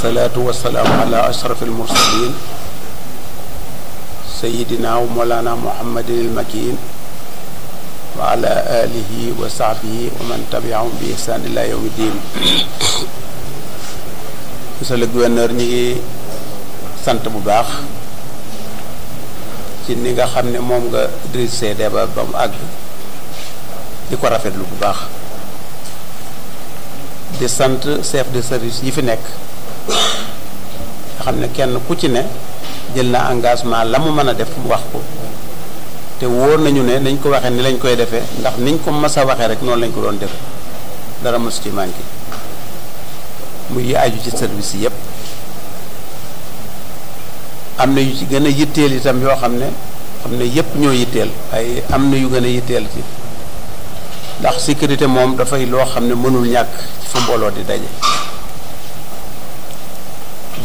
والصلاة والسلام على أشرف المرسلين سيدنا ومولانا محمد المكين وعلى آله وصحبه ومن تبعهم بإحسان إلى يوم الدين monsieur le gouverneur ñi ngi sant bu baax ci ni nga xam ne moom nga dirigé débat ba mu àgg di ko rafetlu bu baax di sant chef de service yi fi nekk xam ne kenn ku ci ne jël na engagement la mu mën a def mu wax ko te wóor nañu ne nañ ko waxee ni lañ koy defee ndax niñ ko mas a waxee rek noonu lañ ko doon def dara mos ci manqué muy yi aju ci service yépp am na yu ci gën a yitteel itam yoo xam ne xam ne yépp ñoo yitteel ay am na yu gën a yitteel ci ndax sécurité moom dafay loo xam ne mënul ñàkk ci fa mbooloo di daje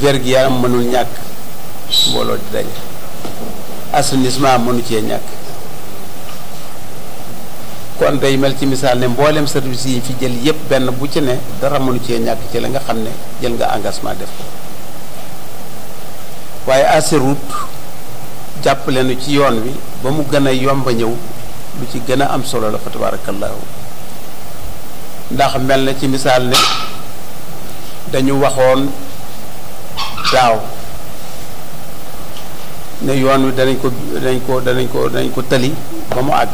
wér gi mënul ñàkk mbooloo di daje assainissement mënu cee ñàkk kon day mel ci misaal ne mboolem service yi fi jël yépp benn bu ci ne dara mënu cee ñàkk ce la nga xam ne jël nga engagement def ko waaye ASROUTE jàpp nu ci yoon wi ba mu gën a yomb a ñëw lu ci gën a am solo la fa tabaarakallaahu ndax mel na ci misaal ne dañu waxoon daaw ne yoon wi danañ ko danañ ko danañ ko danañ ko tëli ba mu àgg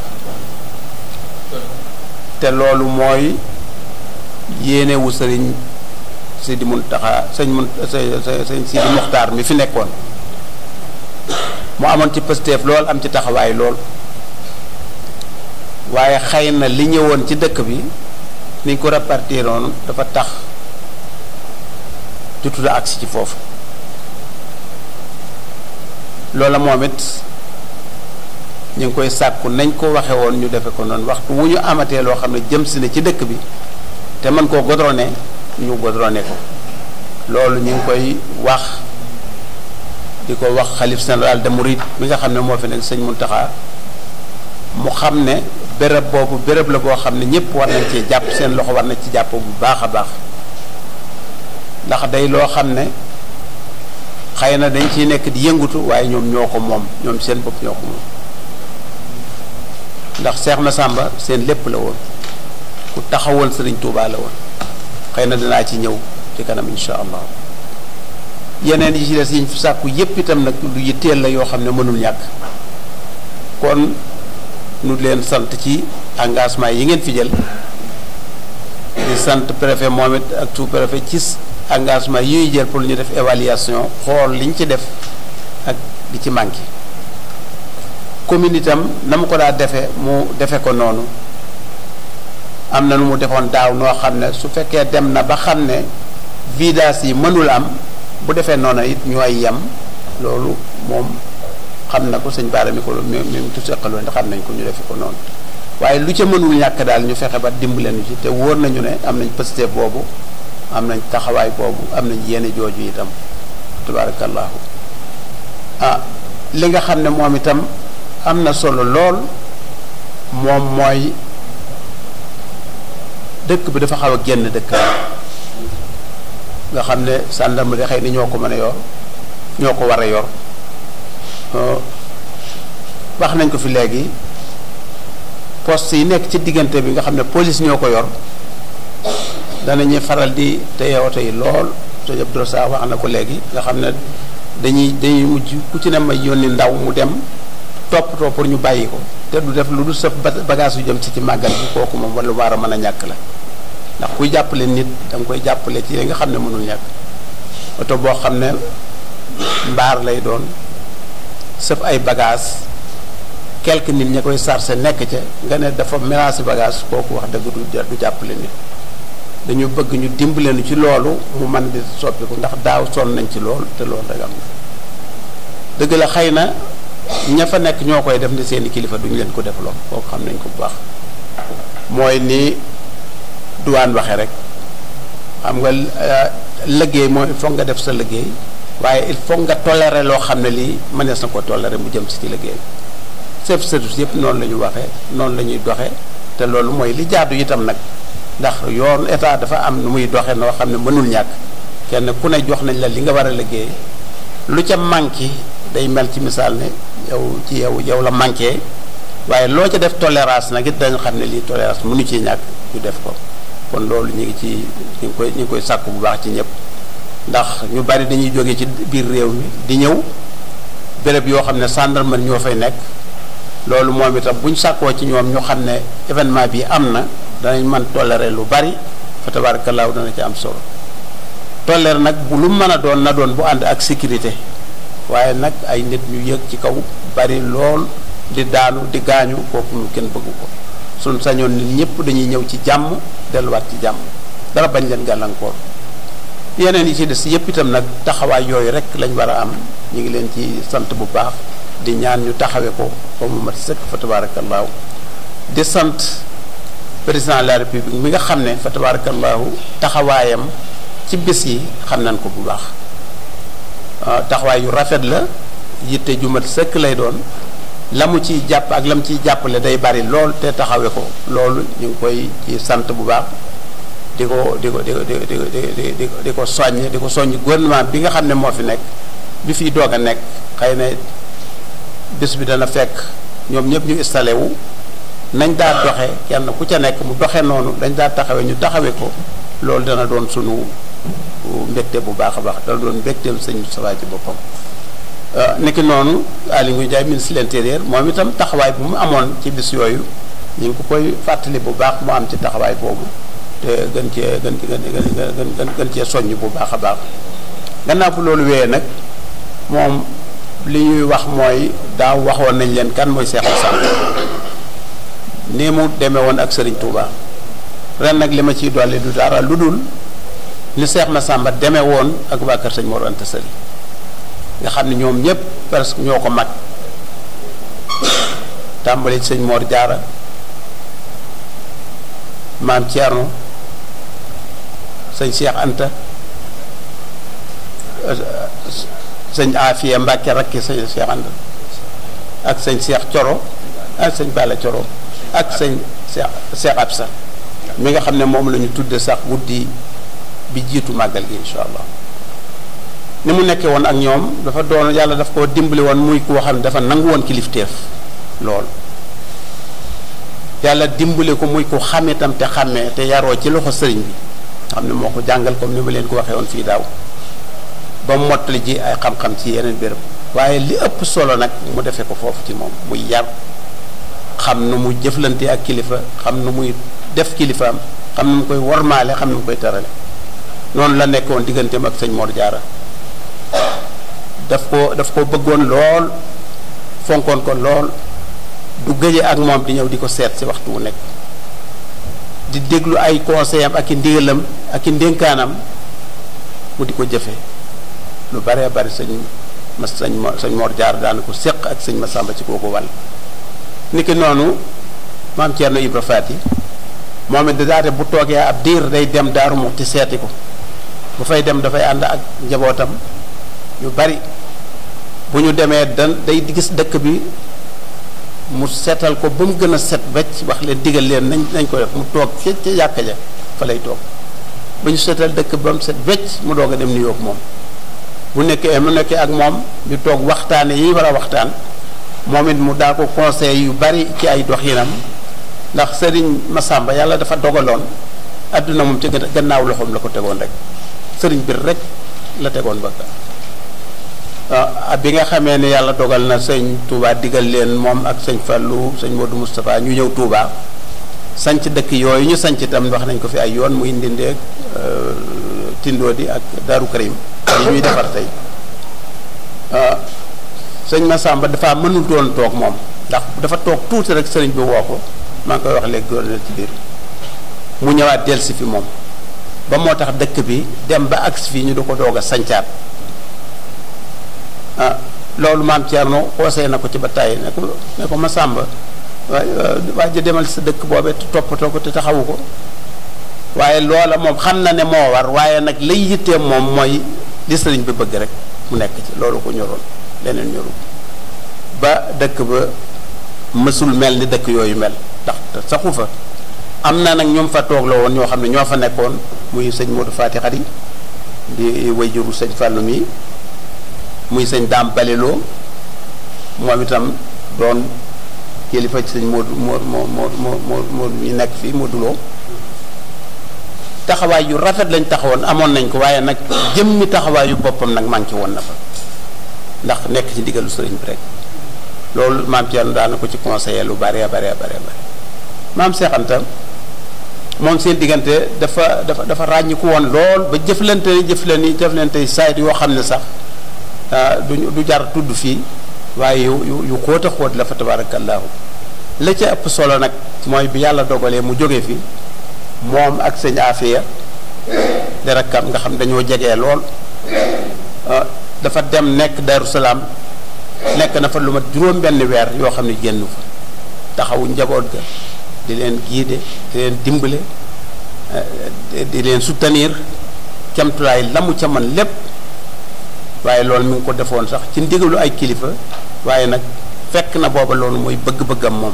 te loolu mooy yéenewu sëriñ Sidi Muntaxa sëñ mun sëñ Sidi Muxtaar mi fi nekkoon mu amoon ci pësteef lool am ci taxawaay lool waaye xëy na li ñëwoon ci dëkk bi niñ ko répartiroon dafa tax jotu la agsi ci foofu loola moom it ñu ngi koy sàkku nañ ko waxe woon ñu defe ko noonu waxtu wu ñu amatee loo xam ne jëm si na ci dëkk bi te man koo godrone ñu godrone ko loolu ñu ngi koy wax di ko wax xalif seen général de Mouride mi nga xam ne moo fi nekk sëñ Muntaxa mu xam ne béréb boobu béréb la boo xam ne ñëpp war nañ cee jàpp seen loxo war nañ ci jàpp bu baax a baax ndax day loo xam ne xëy na dañ ci nekk di yëngutu waaye ñoom ñoo ko moom ñoom seen bopp ñoo ko moom ndax Seex Masàmba seen lépp la woon ku taxawal Sëriñ Tuubaa la woon xëy na danaa ci ñëw ci kanam insha allah yeneen yi ci des yiñ sàkku yépp itam nag lu teel la yoo xam ne mënul ñàkk kon nu leen sant ci engagement yi ngeen fi jël di sant préfet moom it ak sous préfet ci engagement yi ñuy jël pour ñu def évaluation xool liñ ci def ak di ci manqué commune itam na mu ko daa defe mu defe ko noonu am na nu mu defoon daaw noo xam ne su fekkee dem na ba xam ne vidas yi mënul am bu defee noonu it ñooy yem loolu moom xam na ko sëñ Baara mi ko même tu seqaloon xam nañ ko ñu defe ko noonu waaye lu ca mënul ñàkk daal ñu fexe ba dimb leen ci te wóor nañu ne am nañ pësté boobu am nañ taxawaay boobu am nañ yenn jooju itam tabaarakallaahu ah li nga xam ne moom itam am na solo lool moom mooy dëkk bi dafa xaw a genn dëkk nga xam ne sàndarmari xëy na ñoo ko mën a yor ñoo ko war a yor baax oh, nañ ko fi léegi post yi nekk ci diggante bi nga xam ne police ñoo ko yor danañu faral di téye oto yi lool sëñ Abdou Sa wax na ko léegi nga xam ne dañuy dañuy mujj ku ci ne ma yónni ndaw mu dem toppatoo pour ñu bàyyi ko te du def lu du sëf bagage yu jëm ci ci màggal bi kooku moom wala waar a mën a ñàkk la ndax kuy jàppale nit danga koy jàppale ci li nga xam ne mënul ñàkk oto boo xam ne mbaar lay doon sëf ay bagage quelque nit ña koy sarse nekk ca nga ne dafa mélange bagage kooku wax dëgg du du jàppale nit dañu bëgg ñu dimbalenu ci loolu mu man di soppiku ndax daaw son nañ ci lool te loolu rek am xëy na ña fa nekk ñoo koy def ni seeni kilifa duñu leen ko defloo kooku xam nañ ko bu baax mooy ni duwaan waxe rek xam nga euh, liggéey mooy il faut nga def sa liggéey waaye il faut nga toléré loo xam ne lii mënees na ko toléré mu jëm si ci liggéey chef service yëpp noonu la ñu waxee noonu la ñuy doxee te loolu mooy li jaadu itam nag ndax yoon état dafa am nu muy doxe noo xam ne mënul ñàkk kenn ku ne jox nañ la li nga war a liggéey lu ca manqué day mel ci misaal ne yow ci yow yow la manqué waaye loo ca def tolérance nag it dañu xam ne lii tolérance mënu ci ñàkk ñu def ko kon loolu ñu ngi ci ñu ngi koy ñu bu baax ci ñëpp ndax ñu bari dañuy jóge ci biir réew mi di ñëw béréb yoo xam ne gendarmerie ñoo fay nekk loolu moom itam bu ñu sàkkoo ci ñoom ñu xam ne événement bii am na danañ mën toléré lu bari fa tabaarakallaahu dana ci am solo toléré nag bu lu mën a doon na doon bu ànd ak sécurité waaye nag ay nit ñu yëg ci kaw bari lool di daanu di gaañu kooku ñu kenn bëggu ko suñ sañoon nit ñëpp dañuy ñëw ci jàmm delluwaat ci jàmm dara bañ leen gàllankoor yeneen yi ci des yëpp itam nag taxawaay yooyu rek lañ war a am ñu ngi leen ci sant bu baax di ñaan ñu taxawee ko ba mu mat sëkk fa di sant président la république mi nga xam ne fa tabarakallahu taxawaayam ci bés yi xam nañ ko bu baax ah, taxawaay yu rafet la yitte ju mat sëkk lay doon la mu ciy jàpp ak la mu ciy jàppale day bari lool te taxawe ko loolu ñu ngi koy ci sant bu baax di ko di ko di ko di ko di ko di ko soññ di ko soññ gouvernement bi nga xam ne moo fi nekk bi fiy doog a nekk xëy na bés bi dana fekk ñoom ñëpp ñu installé wu nañ daa doxe kenn ku ca nekk mu doxe noonu dañ daa taxawe ñu taxawe ko loolu dana doon suñu mbégte bu baax a baax dana doon mbégteelu sëñ Moustapha ci boppam euh, niki noonu Aliou Ndiaye ministre de l'intérieur moom itam taxawaay bu mu amoon ci bis yooyu ñu ko koy fàttali bu baax mu am ci taxawaay boobu te gën cee gën gën gën cee soññ bu baax a baax gannaaw bu loolu wee nag moom li ñuy wax mooy daaw waxoon nañ leen kan mooy Cheikh Moussa ni mu demee woon ak Serigne Touba ren nag li ma ciy dolli du dara lu dul li Seex sàmba demee woon ak waa Kër Sëñ Mor Anta Sali nga xam ne ñoom ñëpp presque ñoo ko mag tàmbali ci Sëñ Mor Jaara maam Thierno sëñ Cheikh Anta sëñ Afia Mbacke rakki sëñ Cheikh Anta ak sëñ Cheikh Coro ak sëñ Balla Coro. ak sëñ Cheikh Cheikh Absa mi nga xam ne moom la tudd tudde sax guddi bi jiitu màggal gi incha allah ni mu nekkee woon ak ñoom dafa doon yàlla daf koo dimbali woon muy koo xam ne nangu woon kilifteef lool yàlla dimbali ko muy ko xàmmee tam te xàmmee te yaroo ci loxo sëriñ bi xam ne moo ko jàngal comme ni ma leen ko waxee woon fii daaw ba mottali ji ay xam-xam ci yeneen béréb waaye li ëpp solo nag mu defee ko foofu ci moom muy yar xam nu mu jëflante ak kilifa xam nu muy def kilifaam xam nu mu koy wormaale xam nu mu koy tarale noonu la nekkoon digganteem ak sëñ Mor Jaara daf ko daf ko bëggoon lool fonkoon ko lool du gëje ak moom di ñëw di ko seet si waxtu wu nekk di déglu ay conseil am ak i ndigalam ak i ndénkaanam mu di ko jëfe lu baree bari sëñ ma sëñ Mor Jaara daana ko séq ak sëñ sàmba ci kooku wàll niki noonu maam Thierno Ibra yi moom it daate bu toogee ab diir day dem Daaru Muxti seeti ko bu fay dem dafay ànd ak njabootam yu bari bu ñu demee dan day gis dëkk bi mu seetal ko ba mu gën a set becc wax leen diggal leen nañ nañ ko def mu toog ca ca yàkka ja fa lay toog ba ñu seetal dëkk ba mu set becc mu doog dem nuyoo ak moom bu nekkee mu nekkee ak moom ñu toog waxtaane yi war a waxtaan moom it mu daa ko conseil yu bari ci ay dox doxinam ndax sëriñ Masamba yàlla dafa dogaloon àdduna moom ci gannaaw loxoom la ko tegoon rek sëriñ bi rek la tegoon ba ah, bi nga xamee ne yàlla dogal na sëñ Touba digal leen moom ak sëñ Fallou sëñ Modou Moustapha ñu ñëw tuubaa sanc dëkk yooyu ñu sanc itam wax nañ ko fi ay yoon mu muy euh, tindoo di ak Daaru Karim yi ñuy defar tey ah, sëñ ma Massamba dafa mënul doon toog moom ndax dafa toog tuuti rek sëriñ bi woo ko maa ngi koy wax léegi gouverneur ci biir mu ñëwaat delsi fi moom ba moo tax dëkk bi dem ba agsi fii ñu du ko doog a sancaat ah loolu maam Thierno xoosee na ko ci ba tàyyi ne ko ne ko Massamba waa ja demal sa dëkk boobee toppatoo ko te taxawu ko waaye loola moom xam na ne moo war waaye nag lay yitteem moom mooy li sëriñ bi bëgg rek mu nekk ci loolu ko ñoroon leneen ñoru ba dëkk ba mësul mel ni dëkk yooyu mel ndax saxu fa am naa nag ñoom fa toogloo woon ñoo xam ne ñoo fa nekkoon muy sëñ Modou Fati Khari di wayjuru sëñ Fallou mi muy sëñ Daam Baleloo moom itam doon kilifa sëñ Modou moo moo moo moo moo mi nekk fii Modou Lo taxawaay yu rafet lañ taxawoon amoon nañ ko waaye nag jëmmi taxawaayu boppam nag manqué woon na fa ndax nekk ci diggalu sëriñ bi rek loolu maam Thierno daan na ko ci conseiller lu bare bare bare bare maam Cheikh Anta moom seen diggante dafa dafa dafa ràññiku woon lool ba jëflante ni jëflante jëflante sayt yoo xam ne sax ah, du du jar tudd fii waaye yu yu yu xóot a xóot la fa tabaarakallaahu la ca ëpp solo nag mooy bi yàlla dogalee mu jóge fii moom ak sëñ Afia di rakkam nga xam dañoo jege lool ah, dafa dem nek daru salam nek na fa luma juroom juróom benn weer yoo xam ne génn fa taxawu njaboot ga di leen guider di leen dimbale eh, di leen soutenir kemtulaay lamu ca man lépp waaye loolu mi ngi ko defoon sax ci ndigalu ay kilifa waaye nag fekk na booba loolu mooy bëgg-bëggam moom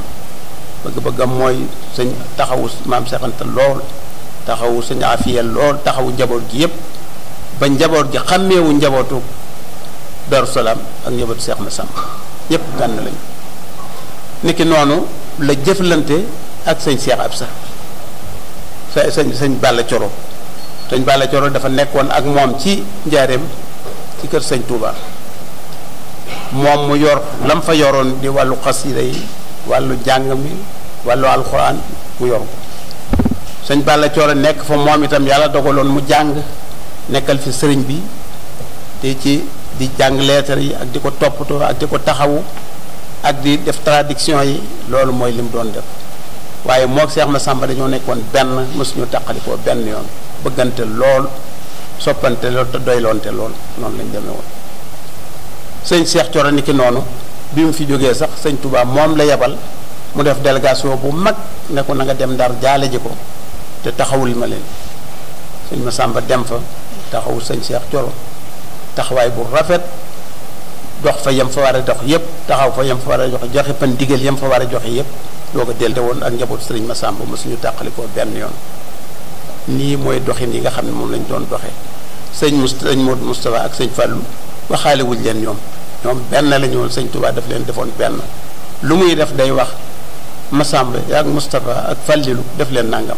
bëgg-bëggam mooy sëñ taxawu maam sexanta lool taxawu sëñ afiyel lool taxawu njaboot gi yépp ba njaboot gi xàmmeewu njabootu Daaru Salaam ak njabootu Seex Masamba ñëpp gànn lañu niki noonu la jëflante ak sëñ Seex ab sa sëñ sëñ Balla Coro sëñ Balla Coro dafa nekkoon ak moom ci njaareem ci kër sëñ Touba moom mu yor lam fa yoroon di wàllu xasida yi wàllu jàng mi wàllu alxuraan mu yor ko sëñ Balla Coro nekk fa moom itam yàlla dogaloon mu jàng nekkal fi sëriñ bi te ci di jàng leetar yi ak di ko toppatoo ak di ko taxawu ak di def tradiction yi loolu mooy lim doon def waaye moo Seex sàmba dañoo nekkoon benn mësuñu taqalikoo benn yoon bëggante lool soppante lool te doyloonte lool noonu lañ demee woon sëñ Seex Coro ni ki noonu bi mu fi jógee sax sëñ tubaab moom la yebal mu def délégation bu mag ne ko na nga dem Ndar jaale ji ko te taxawul ma leen sëñ sàmba dem fa taxawul sëñ Seex Coro taxawaay bu rafet dox fa yem fa war a dox yëpp taxaw fa yem fa war a joxe joxe pan digal yem fa war a joxe yëpp doo ko delte woon ak njabootu sëriñ Masamba mosuñu tàqalikoo benn yoon nii mooy doxin yi nga xam ne moom lañ doon doxee sëñ Must sëñ Modou Moustapha ak sëñ Fallou waxaalewuñ leen ñoom ñoom benn la ñu woon sëñ Touba daf leen defoon benn lu muy def day wax Masamba ak Moustapha ak Fallilu def leen nangam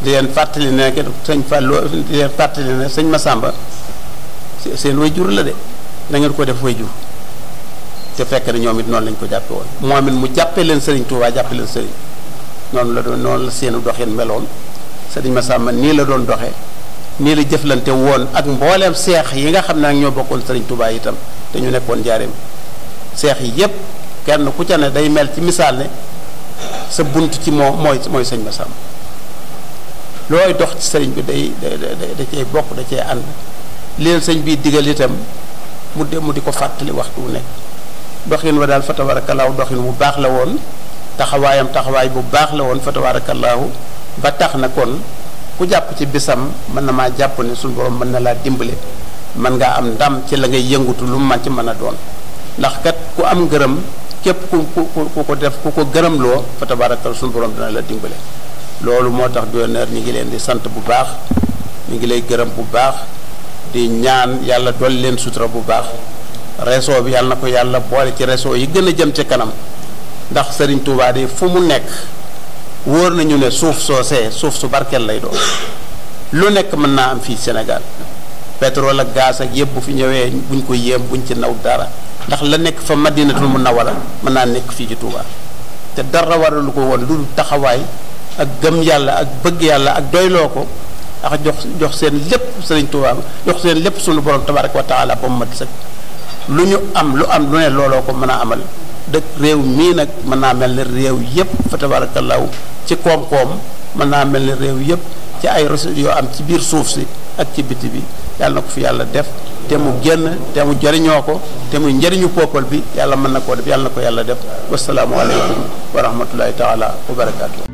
di leen fàttali ne sëñ Fallou di leen fàttali ne sëñ Masamba seen way jur la de na ngeen ko def way jur te fekk na ñoom it noonu lañ ko jàppe woon moom it mu jàppe leen sëriñ Touba jàppe leen sëriñ noonu la doon noonu la seenu doxin meloon sëriñ sàmma nii la doon doxee nii la jëflante woon ak mbooleem seex yi nga xam ne ak ñoo bokkoon sëriñ Touba itam te ñu nekkoon jaareem seex yi yépp kenn ku ca ne day mel ci misaal ne sa bunt ci moo mooy mooy sëñ Massamba looy dox ci sëriñ bi day da da da cay bokk da cee ànd leen sëñ bii digal itam mu dem mu di ko fàttali waxtu wu nekk doxin wa daal fa tabarakallaahu doxin bu baax la woon taxawaayam taxawaay bu baax la woon fa tabarakallaahu ba tax na kon ku jàpp ci bisam mën na maa jàpp ne suñu borom mën na laa dimbale mën ngaa am ndam ci la ngay yëngutu lu man ci mën a doon ndax kat ku am ngërëm képp ku ku ku ko def ku ko gërëm loo fa tabarakallaahu suñu borom dina la dimbale loolu moo tax gouverneur ñu ngi leen di sant bu baax mi ngi lay gërëm bu baax di ñaan yàlla dolli leen sutura bu baax reso bi yàlla na ko yàlla boole ci réseau yi gën a jëm ci kanam ndax sëriñ Touba di fu mu nekk wóor nañu ne suuf soosee suuf su barkeel lay doon lu nekk mën naa am fii senegal pétrole ak gaz ak yëpp bu fi ñëwee buñ ko yéem buñ ci naw dara ndax la nekk fa Madinatul Munawwara mën naa nekk fii ci Touba te dara waralu ko woon lu taxawaay ak gëm yàlla ak bëgg yàlla ak doyloo ko. ak jox jox seen lépp sëriñ Tuubaa jox seen lépp sunu borom tabaaraka wa taala ba mu mat sëkk lu ñu am lu am lu ne looloo ko mën a amal dëkk réew mii nag mën naa mel ni réew yëpp fa tabaarakallaahu ci koom-koom mën naa mel ni réew yëpp ci ay ressources yoo am ci biir suuf si ak ci biti bi yàlla na ko fi yàlla def te mu génn te mu jariñoo ko te mu njëriñu peuple bi yàlla mën na koo def yàlla na ko yàlla def wasalaamualeykum wa rahmatullahi taala wa barakaatu.